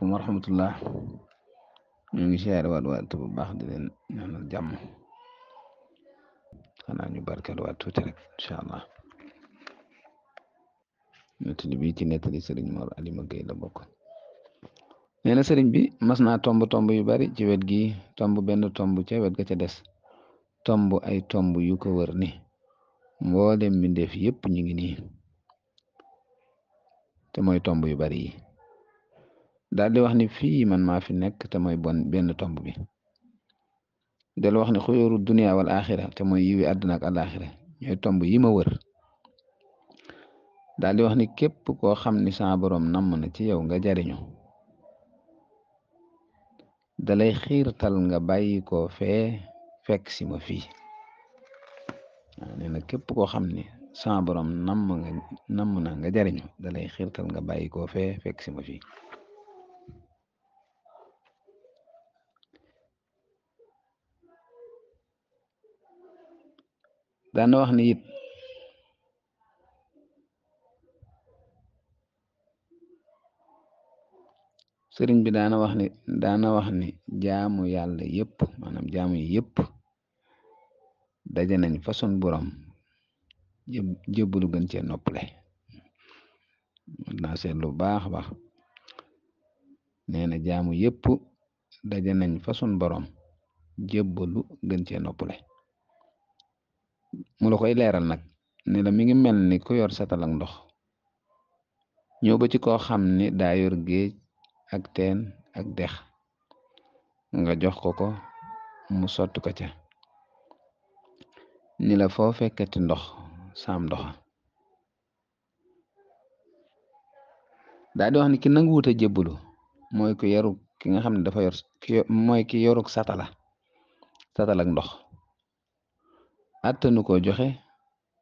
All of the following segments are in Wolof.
aleykum wa ñu ngi siyaare waat waat bu baax di leen ñaanal jàmm xanaa ñu barkeel waat tuuti rek incha allah nettali bi ci nettali sëriñ Mor Alima Gueye la bokk nee na sëriñ bi mas naa tomb tomb yu bari ci wet gi tomb benn tomb ca wet ga ca des tomb ay tomb yu ko wër ni mboolem mbindeef yëpp ñu ngi nii te moy tomb yu bari yi daal di wax ni fii man maa fi nekk te mooy bon benn tomb bi del wax ni xuyóoru dunia wal te mooy yiwi àdduna ak alaxira ñooy tomb yi ma wër daal di wax ni képp koo xam ni sa boroom namm na ci yow nga jariñu dalay xiirtal nga bàyyi koo fee fekk si ma fii waaw nee na képp koo xam ni sa boroom namm nga na nga jariñu dalay xiirtal nga bàyyi koo fee fekk si ma fii daan na wax ni it sëriñ bi daana wax ni daana wax ni jaamu yàlla yëpp maanaam jaamu yi yëpp daje nañ fa sun borom jëbbalu gën cee noppale naa seet lu baax baax nee na jaamu yëpp daja nañ fa sun borom jëbbalu gën cee noppale mu la koy leeral nag ne la mi ngi mel ni ku yor satal ndox ñëw ba ci koo xam ni daa yor géej ak teen ak dex nga jox ko ko mu sotti ko ca ni la ndox saam ndoxa daa di ki nangu wut a jébbalu mooy ku yaru ki nga xam ne dafa yor mooy ki yoruk satala satal ndox attanu ko joxe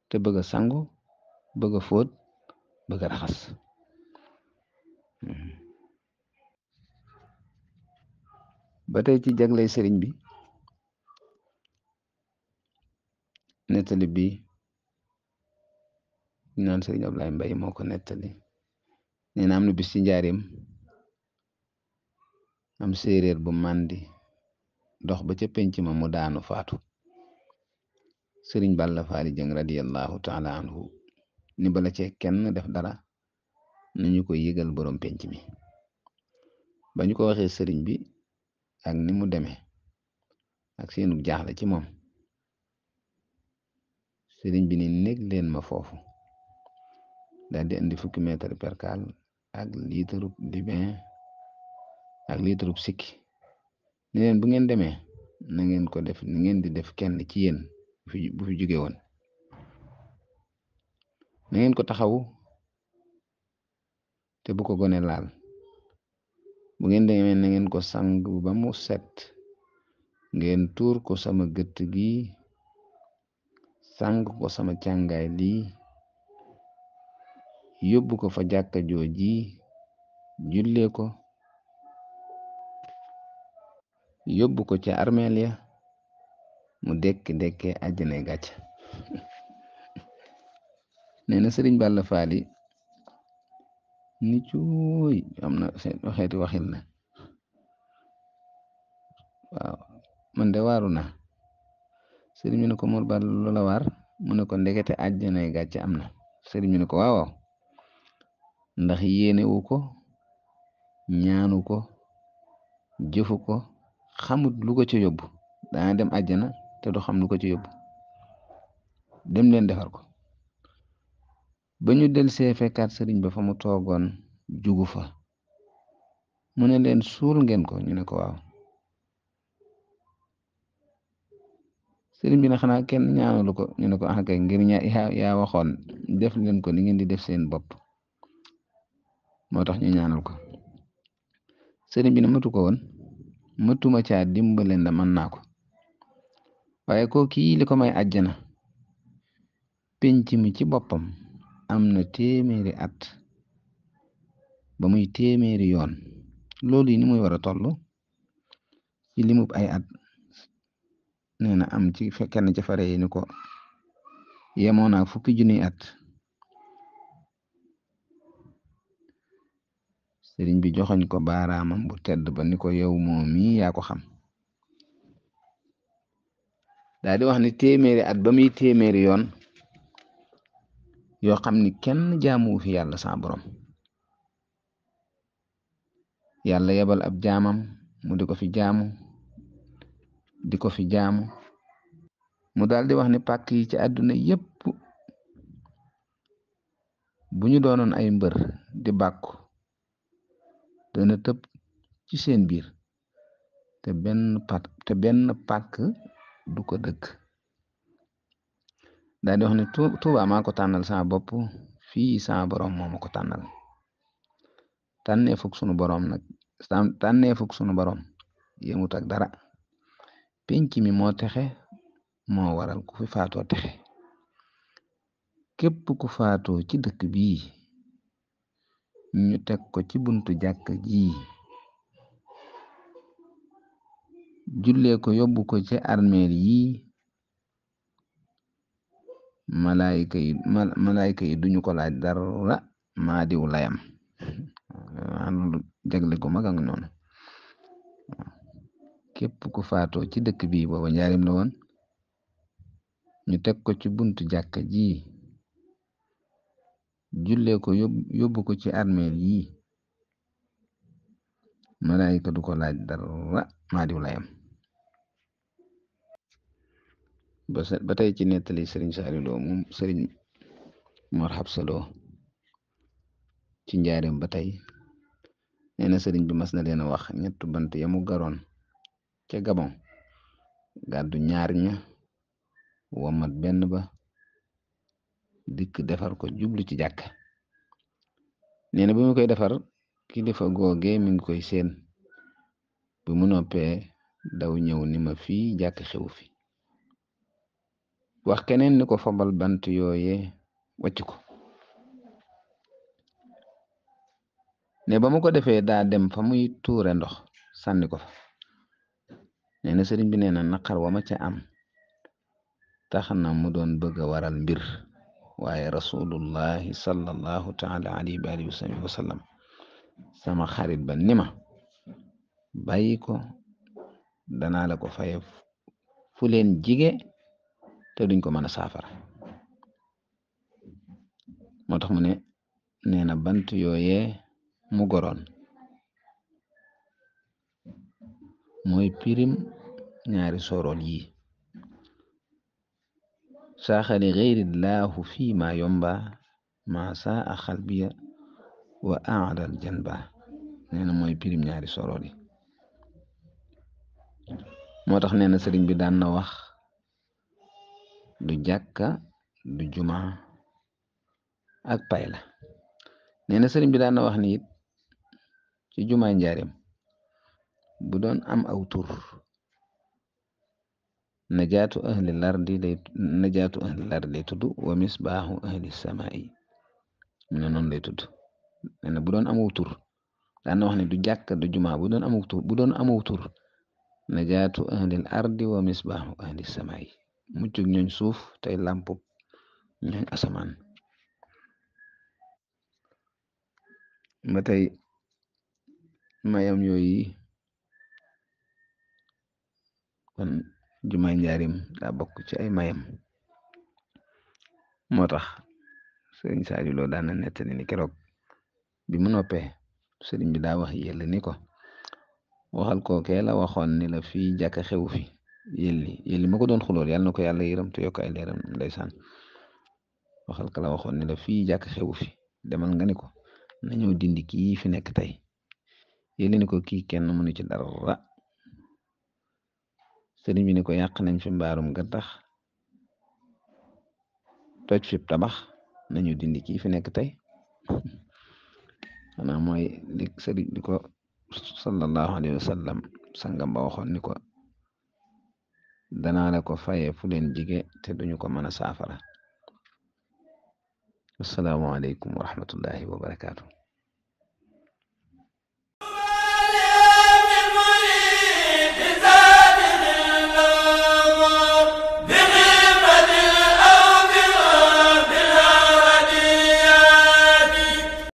te bëgg a sangu bëgg a fóot bëgg raxas hmm. ba tey ci jaglay sëriñ bi nettali bi ñu naan sëriñ Ablaye Mbaye moo ko nettali nee na am na bis ci njaareem am séeréer bu màndi dox ba ca penc ma mu daanu faatu sëriñ Balla Faali Jëng radiyallahu taala anhu ni bala cee kenn def dara nañu ko yëgal borom penc mi ba ñu ko waxee sëriñ bi ak ni mu demee ak seenu jaaxle ci moom sëriñ bi ni néeg leen ma foofu daal di indi fukki mètre percal ak liitarub libin ak liitarub sikki ni leen bu ngeen demee na ngeen ko def ni ngeen di def kenn ci yéen bu fi jóge woon na ko taxawu te bu ko gone laal bu ngeen demee na ngeen ko sang ba mu set ngeen tuur ko sama gëtt gi sang ko sama càngaay lii yóbbu ko fa jàkka jooji jullee ko yóbbu ko ci armeel ya mu dekki dekke àjjana gàcc nee na sëriñ Balla Faali ni cuuy am na xeeti waxil na waaw man de waaru na sëriñ bi ne ko Mor Balla loola mu ne ko ndekete àjjana gàcc am na sëriñ bi ne ko waawaaw ndax yéene wu ko ñaanu ko jëfu ko xamut lu ko ca yóbbu dana dem te du xam lu ko ci yóbbu dem leen defar ko ba ñu del see fekkaat sëriñ ba fa mu toogoon jugu fa mu ne leen suul ngeen ko ñu ne ko waaw sëriñ bi na xanaa kenn ñaanalu ko ñu ne ko ah kay ngir ña yaa waxoon def leen ko ni ngeen di def seen bopp moo tax ñu ñaanal ko sëriñ bi na matu ko woon matuma caa dimbale nda mën naa ko waaye ko kii li ko may àjjana penc mi ci boppam am na téeméeri at ba muy téeméeri yoon loolu yi muy war a toll ci limu ay at nee na am ci kenn ci fare ko yemoon naa fukki junniy at sëriñ bi joxoñ ko baaraamam bu tedd ba ni ko yow moom mii ko xam daal di wax ni téeméeri at téeméeri yoon yoo xam ni kenn jaamuwu fi yàlla sa borom yàlla yebal ab jaamam mu di ko fi jaamu di ko fi jaamu mu daldi di wax ni pàkk yi ci àdduna yépp bu ñu doonoon ay mbër di bakku dana tëb ci seen biir te benn pakk te benn pàkk du ko dëkk daa wax ne Tuuba maa ko tànnal sama boppu fii sama boroom moo ma ko tànnal tànnee fukk sunu boroom nag tànnee sunu boroom yemut ak dara penc mi moo texe moo waral ku fi faatoo texe képp ku faatoo ci dëkk bii ñu teg ko ci buntu jàkk jii jullee ko yóbbu ko ci armeel yi malayka yi duñu ko laaj dara maadiw layam anlu jagle gu maga ngi noonu képp ku faatoo ci dëkk bi booba njaarim la woon ñu teg ko ci buntu jàkka ji jullee ko yóbbu ko ci armeel yi malayka du ko laaj dara maadiw layam ba ba tey ci nettali Serigne Saliou Lo moom Serigne Mor Xabsa Lo ci njaareem ba tey nee na Serigne bi mas na leen a wax ñett bant ya mu garoon ca Gabon gàddu ñaar ña womat benn ba dikk defar ko jublu ci jàkk nee bi mu koy defar kilifa googe mi ngi koy seen bi mu noppee daw ñëw ni ma fii jàkk xew fi. wax keneen ni ko fabal bant yooye wàcc ko ne ba mu ko defee daa dem fa muy tuure ndox sànni ko fa nee na sëriñ bi nee na naqar wa ma ca am tax na mu doon bëgg a waral mbir waaye rasulullahi sallallahu taala alayhi wa alihi sama xarit ba ni ma bàyyi ko danaa la ko faye fu jige te duñ ko mën a saafara moo tax mu ne nee na bant yooyee mu goroon mooy pirim ñaari sorol yi saaxali xeyrillahu fii ma yomba ma saa a wa aadal janba nee na mooy pirim ñaari sorol yi moo tax nee bi daan wax du jàkka du juma ak pay la nee na sëriñ bi daan na wax ni it ci jumaa njaareem bu doon am aw tur najaatu ahli lardi day najaatu ahli day tudd wa misbaaxu ahli samaa'i mu ne noonu lay tudd nee na bu doon amaw tur daan na wax ni du jàkka du juma bu doon amaw tur bu doon amaw tur najaatu ahli ardi wa misbaaxu ahli samaa'i mujjug ñooñ suuf tey lampu ñooñ asamaan ba tey mayam yooyi jumay njarim njaarim daa bokk ci ay mayam moo tax sëriñ Saaliw Lo daan na nettali ni keroog bi mu noppee sëriñ bi daa wax yàlla ni ko waxal kookee la waxoon ni la fii xewu fi yelli yelli ma ko doon xulool yàlla na ko yàlla yërëm te yokk ay leeram saan waxal kala waxoon ne la fi jàkk xewu fi demal nga ne ko na ñëw dindi kii fi nekk tey yelli ni ko kii kenn mënu ci dara sëriñ bi ne ko yàq nañ fi mbaarum gattax toj fi tabax nañu dindi kii fi nekk tey xanaa mooy li sëriñ di ko sallallahu alayhi wa sallam sangam ba waxoon ni ko danaa la ko fayee fu leen jige te duñu ko mën a saafara assalaamu aleykum wa rahmatullahi wa barakaatu